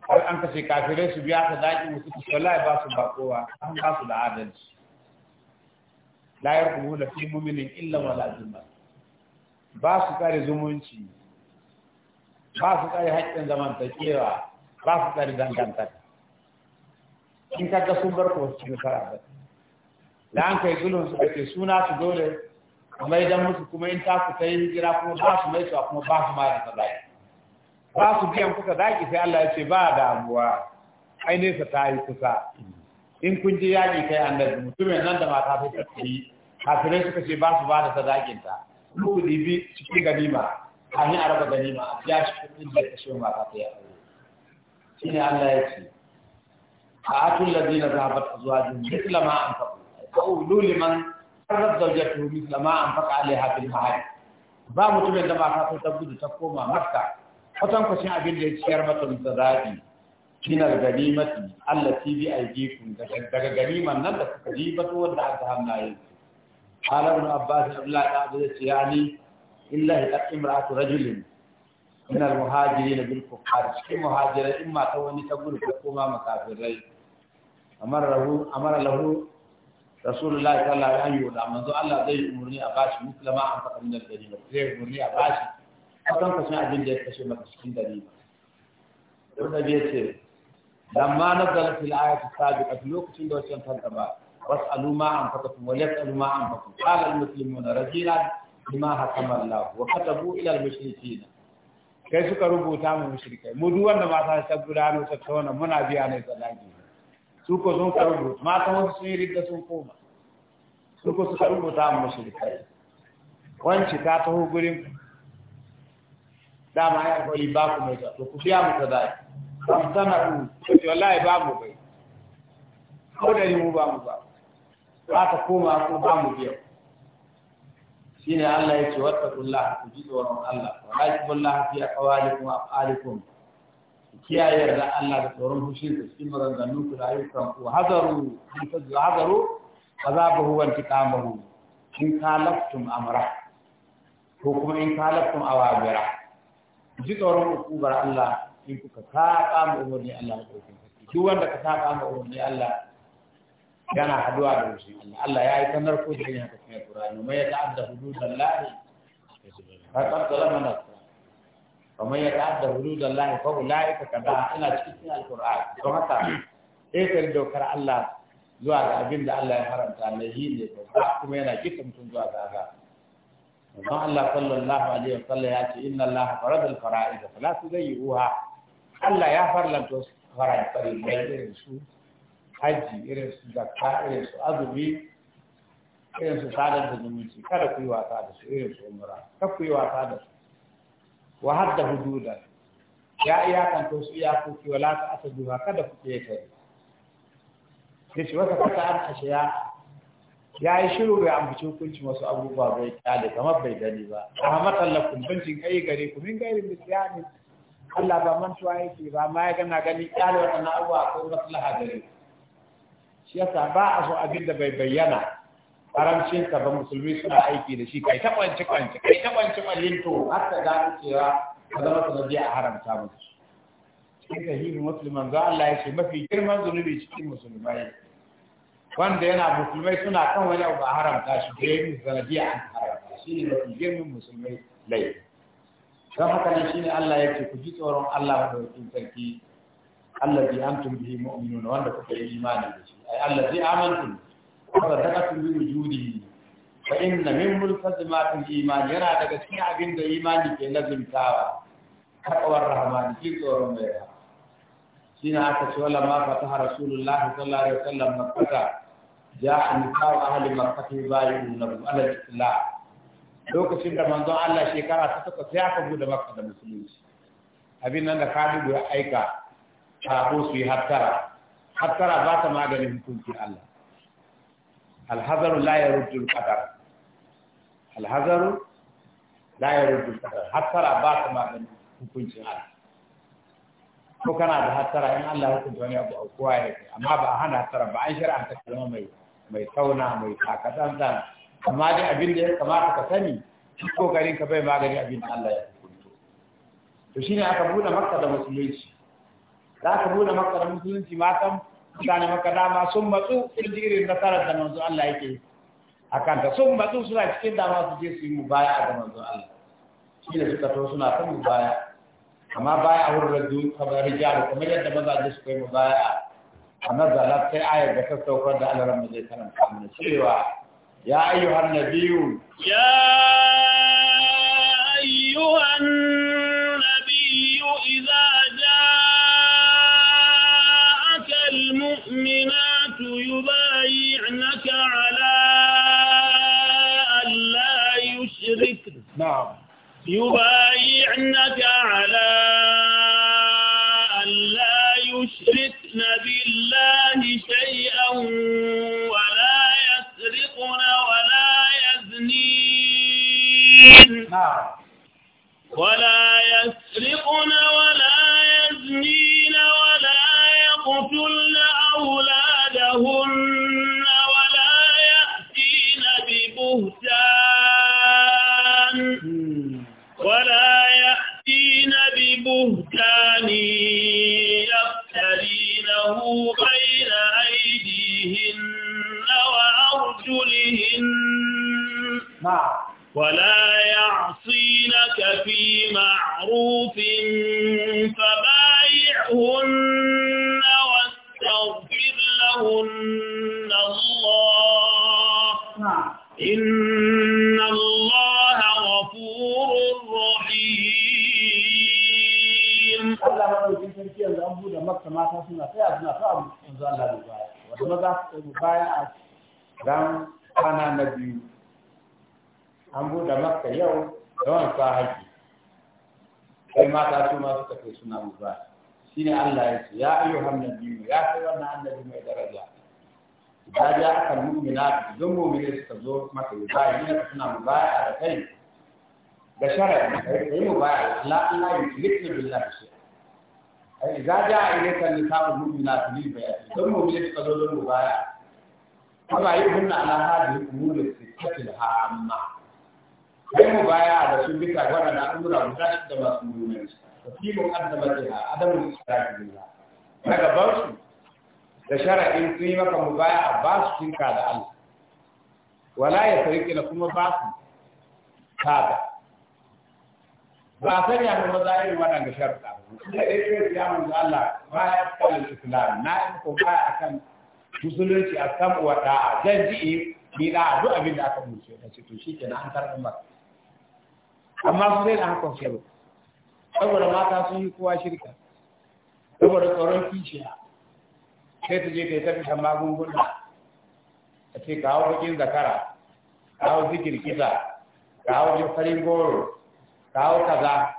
har an kashe kafirai su biya ta daƙi musu ku wallahi ba su ba kowa an ba su da adalci la yarqubu la fi mu'minin illa wala zulma ba su kare zumunci ba su tsari haƙƙin zamantakewa ba su tsare dangantaka in ka ga sun bar wasu cikin fara da an kai gulun su da ke suna su dole kuma idan musu kuma in ta ku ta yi hijira kuma ba su mai suwa kuma ba su ma da sadaki ba su biyan kuka zaki sai Allah ya ce ba damuwa ai nesa ta yi kusa in kun je yaƙi kai annabi mutumin nan da mata sai ta yi kafirai suka ce ba su ba da sadakinta ku dibi cikin ganima kamin a raba ganima a biya shi kuɗin da kashe ma ta ta ya aure shi ne Allah ya ce a atun ladina zahabat azwajin mithla ma anfaqu qawlu liman qarrat zawjatuhu mithla ma anfaqa alaiha fil mahaj ba mutum da ba ka so ta gudu ta koma makka kwatan shi abin da ya ciyar mata da zabi min al Allah ti bi kun daga ganiman nan da kuka ji ba to wanda aka hannaye Qala Ibn Abbas Abdullah da Abu Zayyani illa hiqat imra'atu rajulin min al-muhajirin bil kuffar cikin muhajirai in ma ta wani ta gudu ko ma makafirai amara lahu amara lahu rasulullahi sallallahu alaihi wa sallam manzo Allah zai umurni a bashi muslima an faɗa min al-ganima zai umurni a bashi kan kashe abin da ya kashe maka cikin ganima wanda bai ce lamma nazalat al-ayat as-sabiqah lokacin da wancan tantaba was'alu ma an faɗa wa yas'alu ma an faɗa qala al-muslimuna rajilan bima hakama Allah wa katabu ila al-mushrikin kai suka rubuta mu mushrikai mu duk wanda mata ta no ta tona muna biya ne zalagi su ko sun ka rubuta mata wasu sun yi da sun koma su ko suka rubuta mu mushrikai wanci ta taho gurin dama ya koyi ba ku mai to ku biya mu ta dai kan sana'u to wallahi ba mu bai ko da mu ba mu ba ba ta koma ko ba mu biya shine Allah yace wattaqullaha ku ji tsoron Allah wa rajibullaha fi aqwalikum wa af'alikum kiyaye da Allah da tsoron fushin ku cikin maganganun ku da ayyukan ku hadaru in tazu hadaru azabahu wa intiqamahu in kalaftum amra ko kuma in kalaftum awabira ji tsoron ukubar Allah in kuka saba mu umarni Allah da tsoron duk wanda ka saba mu umarni Allah yana haduwa da musulmi Allah ya yi sanar ko da yana cikin Qur'ani mai ta'adda hududan lahi fa qad zalama nafsa wa man yata'adda hududan lahi ko fa ulaika kada ina cikin Al-Qur'ani don haka sai ka dokar Allah zuwa ga abin da Allah ya haramta mai yi ne ba kuma yana kika mutum zuwa ga haka don Allah sallallahu alaihi wa sallam ya ce inna Allah faradal fara'id fala tudayyi'uha Allah ya farlanta fara'id irin su haji irin su zakka irin su azumi irin su sadar da zumunci kada ku yi wasa da su irin su umra kada ku yi wasa da su wa hadda hududa ya iyakanto su iya ki wala ta asaduha kada ku ketare shi wata kasa an ashiya ya yi shiru bai ambaci hukunci wasu abubuwa bai kyale kamar bai gani ba a hamatan lafin bincin kai gare ku min gairin misiyani Allah ba mantuwa yake ba ma ya gana gani kyale waɗannan abubuwa ko maslaha gare ku shi yasa ba a so abin da bai bayyana karamcin ka ba musulmi suna aiki da shi kai ta kwanci kwanci kai ta kwanci to har ta gano cewa ka zama sanadi a haramta musu cikin sahihin musulman za Allah ya ce mafi girman zunubi cikin musulmai wanda yana musulmai suna kan wani abu a haramta shi da yayin sanadi an haramta shi ne mafi girman musulmai laifi don haka ne shine Allah ya ce ku ji tsoron Allah da madaukakin sarki allazi antum bihi mu'minun wanda kuka yi imani da shi ay allazi amantum wa sadaqatum bi wujudihi fa inna min multazimatil iman yana daga cikin abin da imani ke lazimtawa taqwar rahman ji tsoron mai shine aka ce wala ma fataha rasulullah sallallahu alaihi wasallam makkah ja'a nisa'u ahli makkah yubayyinunahu ala al-islam lokacin da manzon Allah shekara ta takwas ya kafu da makka da musulunci abin nan da Khalid ya aika kafo su yi hattara hattara ba ta maganin hukunci Allah alhazaru la ya ruddul qadar alhazaru la ya ruddul qadar hattara ba ta maganin hukuncin Allah ko kana da hattara in Allah ya hukunta wani abu a kowa ya kai amma ba a hana hattara ba an shari'a ta kalma mai mai tauna mai takatan dan amma dai abin da ya kamata ka sani kokarin ka bai magani abin da Allah ya hukunta. to shine aka buɗe makka da musulunci za ka buɗe maka da musulunci matan mutane maka dama sun matsu sun ji irin nasarar da manzo Allah yake a kanta sun matsu suna cikin dama su je su yi baya a ga zuwa Allah shi ne suka to suna kan baya? amma baya a wurin rajo kamar rijalu kamar yadda mazaje suka yi mu baya? a nazara sai ayar da ta saukar da Allah mu zai karanta mana cewa ya ayyuhan nabiyyu ya ayyuhan نعم يبايعنك على ألا يشركن بالله شيئا ولا يسرقن ولا يزنين نعم ولا يسرقن ولا يعصينك في معروف فبايعهن واستغفر لهن الله نعم. إن الله غفور رحيم الله ما يمكن أن أبو دمك ما تسمع فيها أبنا الله مبايع وماذا أنا نبيه an buɗe maka yau yawan sa haji kai mata su ma suka kai suna mutuwa shi ne Allah ya ce ya ayyuhan nabiyyu ya kai wannan annabi mai daraja Ya ja aka mu'mina don mu'mina suka zo maka ba yi ne suna baya da kai da shara kai mubaya la Allah ya tilika billahi shi ai za ja ilayka nisa'ul mu'mina ni baya don mu'mina suka zo don baya. Kuma yi hunna ala hadhihi umuri ha amma kai mu baya da su bisa waɗanda al'amura guda shi da masu muhimmanci tafsirin adama jiha adamun israfi ne na gabansu da shara'in sun yi maka mu baya a ba su cinka da Allah wala ya sarki na kuma ba su kaga ba a sanya mu maza irin waɗanda sharuɗa ba da ɗaya ya mun Allah ba ya kan islam na in ko ba akan musulunci a samu wata da'a zan ji ni da'a duk abin da aka musu ya ce to shikenan an karɓi maka amma su sai da hakan shi saboda mata sun yi kowa shirka saboda tsoron kishiya sai ta je ta yi ta fita magunguna a ce kawo bakin zakara kawo zikir kisa kawo jifarin goro kawo kaza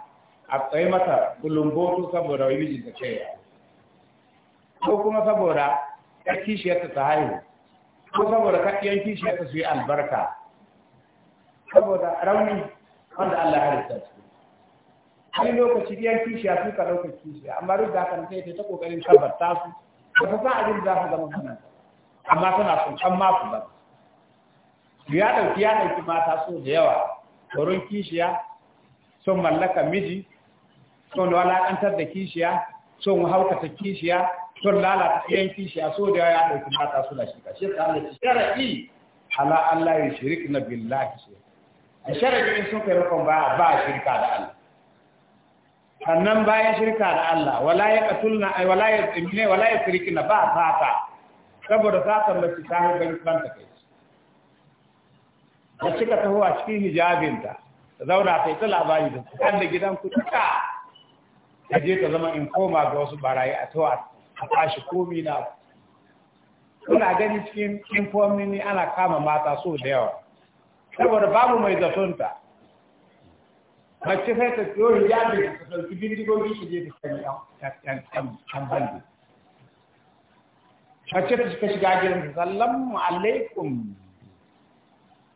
a tsaye mata bulumbotu saboda wani mijin ta ce ko kuma saboda ta kishiyarta ta haihu ko saboda kaɗiyan kishiyarta su yi albarka saboda rauni wanda Allah ya halitta su wani lokaci biyan kishiya su ka ɗaukar kishiya amma duk da kan sai ta ta kokarin tabbata su ba ta sa abin za su zama kana amma tana son kan ma ba ya ɗauki ya ɗauki mata so da yawa wurin kishiya son mallaka miji son walakantar da kishiya son haukata kishiya son lalata ɗayan kishiya so da yawa ya ɗauki mata suna da shi ta halatta shara'i ala Allah ya na billahi shi da jirgin sun kai rukun ba a shirka da Allah sannan bayan shirka da Allah wala ya qatulna ay wala ya wala ya ba fata saboda fatan mace ta har gari ban ta kai da cika taho a cikin hijabinta ta zauna ta yi ta labari da kan da gidan ku duka ta je ta zama in koma ga wasu barayi a tawa a tashi komi na kuna gani cikin informini ana kama mata so da yawa saboda babu mai zatonta mace sai ta tsiyo hijabi ta ɗauki bindigogi shi je ta sani an balde mace ta shiga shiga gidan ta sallam alaikum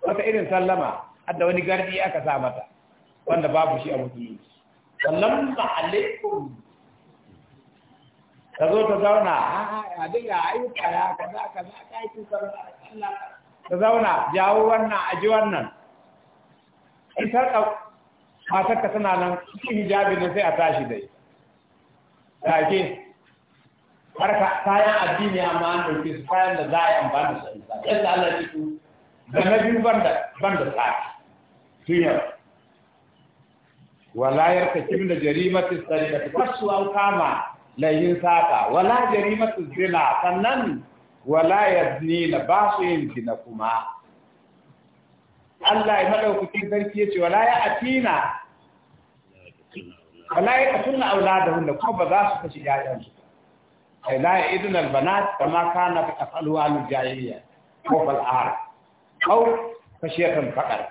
wata irin sallama hadda wani gardi aka sa mata wanda babu shi a musulunci sallamu alaikum ta zo ta zauna a dinga ayyuka ya kaza kaza ta yi tusar Allah ta zauna jawo wannan aji wannan in matar ka tana nan cikin hijabi ne sai a tashi dai take harka kayan addini amma an ɗauke su kayan da za a yi amfani da su yadda Allah ya ku da na biyu ban da banda tsaki tuya wala yartakib da jarimatu sarika kasu an kama layin saka wala jarimatu zina sannan wala na ba su yin zina kuma Allah ya madaukakin ya ce wala ya atina wala ya katunna aula da hunda kuma ba za su kashi ƴaƴan su ai la ya idun albanat kama kana ka tafalu al jahiliya ko fal ar shi kashiyatan faqar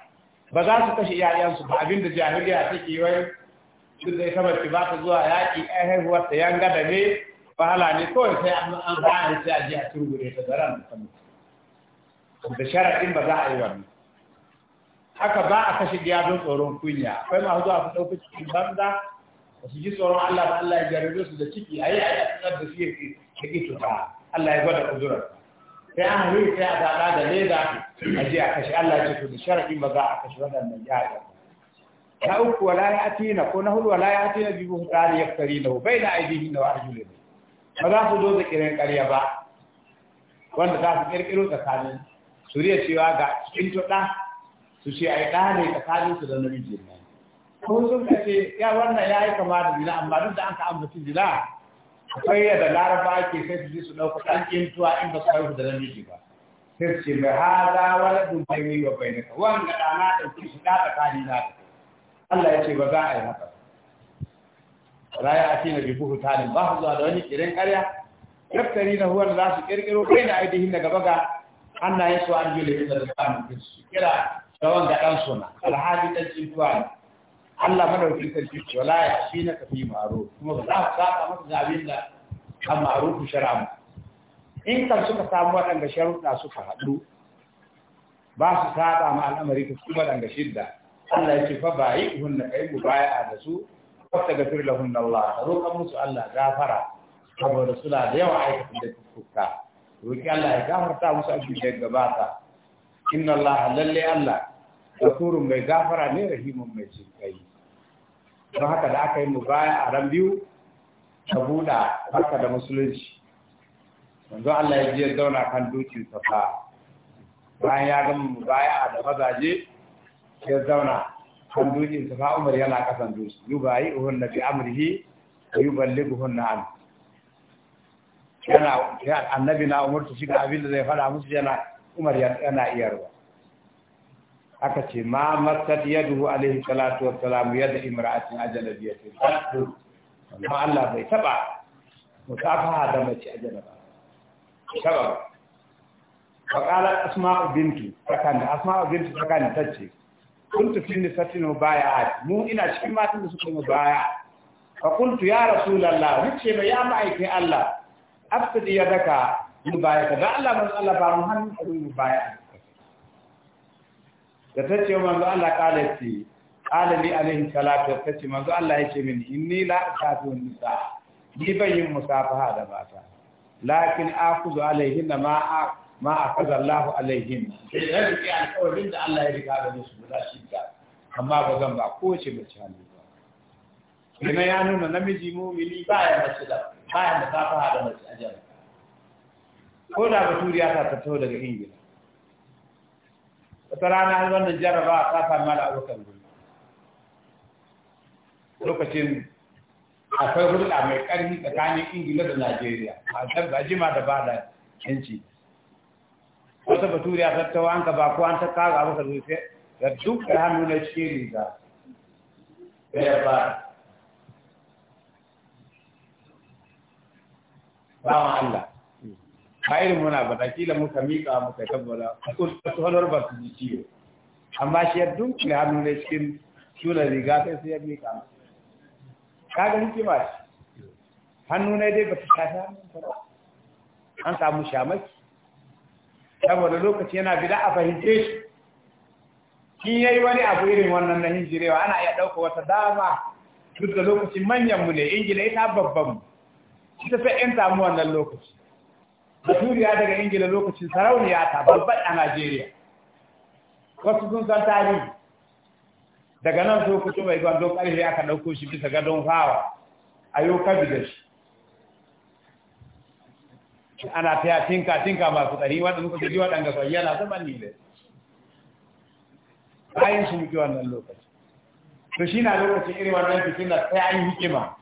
ba za su kashi ƴaƴan su ba abinda jahiliya take yi wai duk da ita mace ba ta zuwa yaƙi ai haihuwar ta yanga da ne فهلا نقول في أن أن هذا الشيء جاء تقول إذا درن تموت بشارة إن بدأ أيضا حكى بعض أشخاص يأذون سورون كونيا فما هو ذا في توبة إن بدأ وسجى سورون الله الله يجاريه سجى تيجي أي أي أن تسير في تيجي تطلع الله يقول أقدر في أن هو في هذا هذا ليه ذا أجي أشخاص الله يجيك بشارة إن بدأ أشخاص هذا المجال لا أقول ولا يأتينا كونه ولا يأتينا بيبوه تاري يكترينه بين أيديهن وأرجلهن ba za su zo da kiran ƙarya ba wanda za su ƙirƙiro tsakanin suriya cewa ga cikin tuɗa su ce ai ɗa ne tsakanin su da namiji ne ko sun ka ce ya wannan ya yi kama da zina amma duk da an ka ambaci zina akwai yadda laraba ke sai su ji su ɗauka ɗan ƙintuwa in ba su haihu da namiji ba sai su ce mai haza wani dumbai wa bai naka wanga ɗana ɗauki shi ɗa tsakanin na Allah ya ce ba za a yi haka ba raya a cikin bi talin ba su zuwa da wani kiran ƙarya yaftari na huwa za su kirkiro kai na aidihin daga baga Allah ya so an jule hin da kan su kira rawan ga dan suna alhaji dan ne. Allah madaukin sarki ce wala ya shi na kafi maro kuma ba za ka saka masa zabin da an ku sharamu in kan suka samu waɗanda sharuɗa suka haɗu ba su saba ma al'amari ta su waɗanda shidda Allah ya ce fa bayi hunna kai mu baya da su fastaghfir da Allah roƙon musu Allah gafara saboda suna da yawa aikata da kuka roƙi Allah ya gafarta musu abin da gabata inna Allah lalle Allah turu mai gafara ne rahimun mai cikai don haka da aka yi mu baya a ran biyu ta buɗa haka da musulunci yanzu Allah ya je zauna kan dokin safa bayan ya gama mu baya da mazaje ya zauna kan dutsen sa fa Umar yana kasan dutse yubayi uhunna bi amrihi wa yuballighuhunna an yana ya annabi na Umar to shiga abin da zai fada musu yana Umar yana iyarwa aka ce ma massat yaduhu alaihi salatu wassalam yad imra'atin ajnabiyatin amma Allah bai taba mutafaha da mace ajnaba sabab فقالت أسماء بنت فكان أسماء بنت فكان تجي kuntu fi nisati mubayat mu ina cikin matan da suka yi mubayat fa kuntu ya rasu rasulullah nace ma ya ma'aikai Allah ya afsidi baya ka da Allah manzo Allah ba mu hannu ku mubayat da ta tace manzo Allah kala ce kala salatu alaihi salatu tace manzo Allah yace min inni la asafu nisa ni ban yin musafaha da mata lakin a akuzu alaihinna ma a ma akaza Allah alaihim sai da rike alƙawarin da Allah ya riga da musu guda shidda amma ba zan ba kowace mace hannu ba kuma ya nuna namiji mumini baya mace da baya musafaha da mace a jami'a ko da baturiya ta tattaho daga ingila wata rana har wannan jaraba ta samu da abokan gudu lokacin akwai hulɗa mai ƙarfi tsakanin ingila da najeriya a jima da ba da yanci wata bature a tattawa an ka ba ko an ta kaga masa zuciya da duk da hannu na cikin riga da ya ba bawan Allah ba irin muna ba ta kila muka miƙa muka tabbala tsohonar ba su ji ciwo amma shi ya dunkule hannu na cikin shula riga sai sai ya miƙa musu kaga hikima shi hannu na dai ba ta shafi an samu shamaki saboda lokaci yana bida a fahimce shi kin yayi wani abu irin wannan na hinjirewa ana iya ɗauka wata dama duk da lokacin manyan mu ne ingila ita babban mu ta sai yan samu wannan lokaci baturiya daga ingila lokacin sarauniya ta babban a najeriya wasu sun san tarihi daga nan so fito mai gwandon ƙarfi aka ɗauko shi bisa gadon fawa a yau kabi da shi ana ta tinka tinka masu tsari wanda muka ji waɗanda sai yana zaman ne bayan su muke wannan lokaci to shi na lokacin irin wannan fitina sai an yi hikima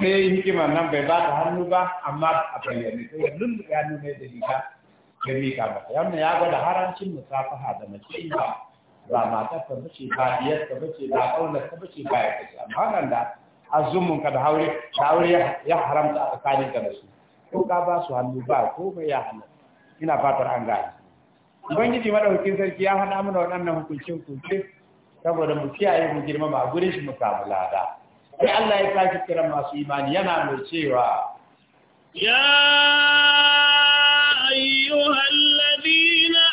sai hikima nan bai ba ta hannu ba amma a bayyane sai lullum ya nuna da riga da riga ba mun ya gwada harancin musafaha da mace ba ba matar ta bace ba diyar ta bace ba kaunar ta bace ba ya kace amma nan da azumun ka da haure da haure ya haramta a tsakanin ka da su ko ka ba su hannu ba ko mai ya hannu ina fatar an gane ubangiji madaukakin sarki ya hada mana waɗannan hukuncin kuce saboda mu kiyaye mu girmama a gurin shi mu samu lada sai Allah ya saki kiran masu imani yana mai cewa ya ayyuhal ladina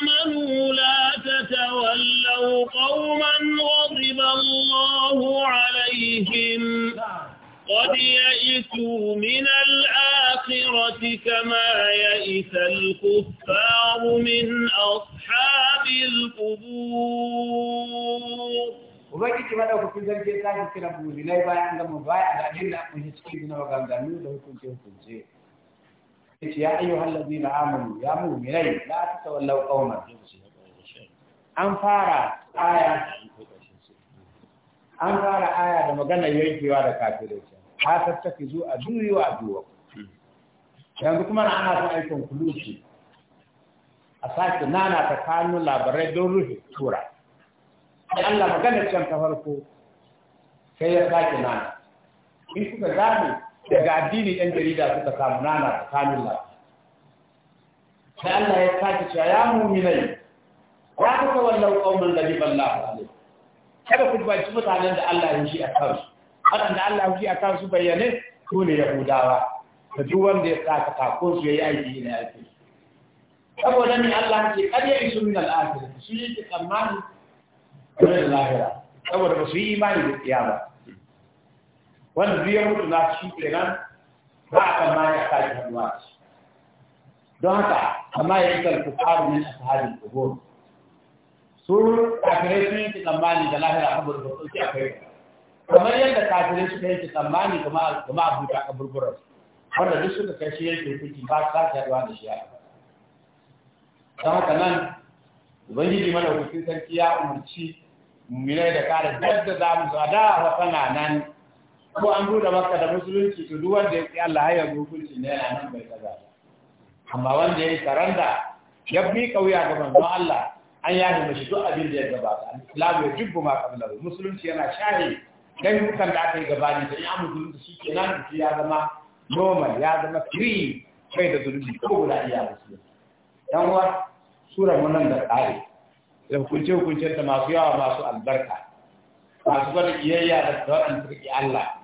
amanu la tatawallaw qauman ghadiba Allahu alaihim قد يئسوا من الآن الآخرة كما يئس الكفار من أصحاب القبور وبكي كما لو كنت ذلك يتعلم في ربو لله بايا عند مبايا لأجل أن يسكي بنا وغندانيو له كنت يهتم زيه يا أيها الذين آمنوا يا مؤمنين لا تتولوا قوما أنفارا آية أنفارا آية لما قلنا يجيوا على كافرين حاسب تكزوا أدوي وأدوكم yanzu kuma na ana son aikin kulushi a sake nana ta kano labarai don rufe tura sai Allah magana can ta farko sai ya sake nana in kuka gane daga addini yan jarida suka samu nana ta kano labarai sai Allah ya sake cewa ya muminai ya kuka wallon kauman da liban labarai kada ku baci mutanen da Allah ya shi a kansu waɗanda Allah ya shi a kansu bayyane su ne Yahudawa Ka duk wanda ya saka takon su yayi aiki ne aiki saboda ni Allah ke kariya isu min al-akhir su yi ki tsammani da lahira saboda ba su yi imani da kiyama wanda duk ya mutu na shi kenan ba a tsammani a kashi hannuwa don haka amma ya yi kalkufaru min ashabin kubur su kafirai sun yi tsammani da lahira saboda ba su yi akwai kamar yadda kafirai suka yi tsammani kuma abuta kaburburansu wanda duk suka kai shi yake kuki ba ka ruwa da shi ya dan haka nan ubangiji mana hukun sarki ya umarci mummunai da kare dadda za mu a da wa kana nan ko an buɗe maka da musulunci to duk wanda ya Allah ya hukunci ne yana nan bai kaza amma wanda ya yi ya bi kauya ga manzo Allah an yaji mashi duk abin da ya gabata islamu ya jibbu ma kabila musulunci yana share dan da aka yi gabani da ya musulunci shi ya zama normal ya zama free kai da zurfi ko guda iya musu dan uwa sura munan da tsari da hukunce hukunce ta masu yawa masu albarka masu gwada iyayya da tsaron turki Allah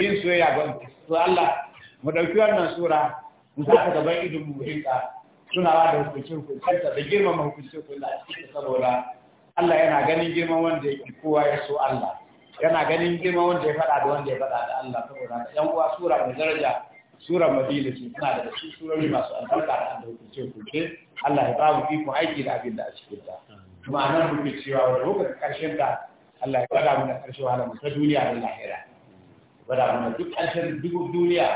yin soyayya ga su Allah mu dauki wannan sura mu saka gaban idon mu suna tunawa da hukunce-hukunce ta da girmama hukuncin hukuncen saboda Allah yana ganin girman wanda yake kowa ya so Allah kana ganin girma wanda ya faɗa da wanda ya faɗa da Allah saboda yan uwa sura mai daraja sura madina ce tana daga cikin surori masu albarka da Allah hukunce hukunce Allah ya ba mu iko aiki da abin da a cikin ta kuma nan muke cewa wani lokacin karshen ta Allah ya gwada mana karshe wahala mu ta duniya da lahira gwada mana duk karshen duk duniya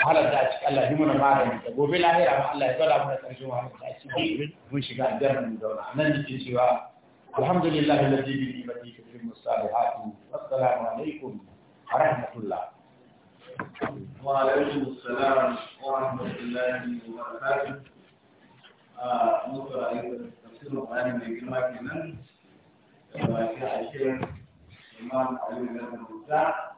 wahalar da a cikin Allah yi mana magani da gobe lahira ma Allah ya gwada mana karshen wahala da a cikin mun shiga aljanna mu zauna nan nake cewa الحمد لله الذي بنعمته تتم الصالحات والسلام عليكم ورحمة الله وعليكم السلام ورحمة الله وبركاته آه، نقرا أيضا تفسير القرآن من كلمة كمان كما كان الشيخ إمام علي بن المبتاع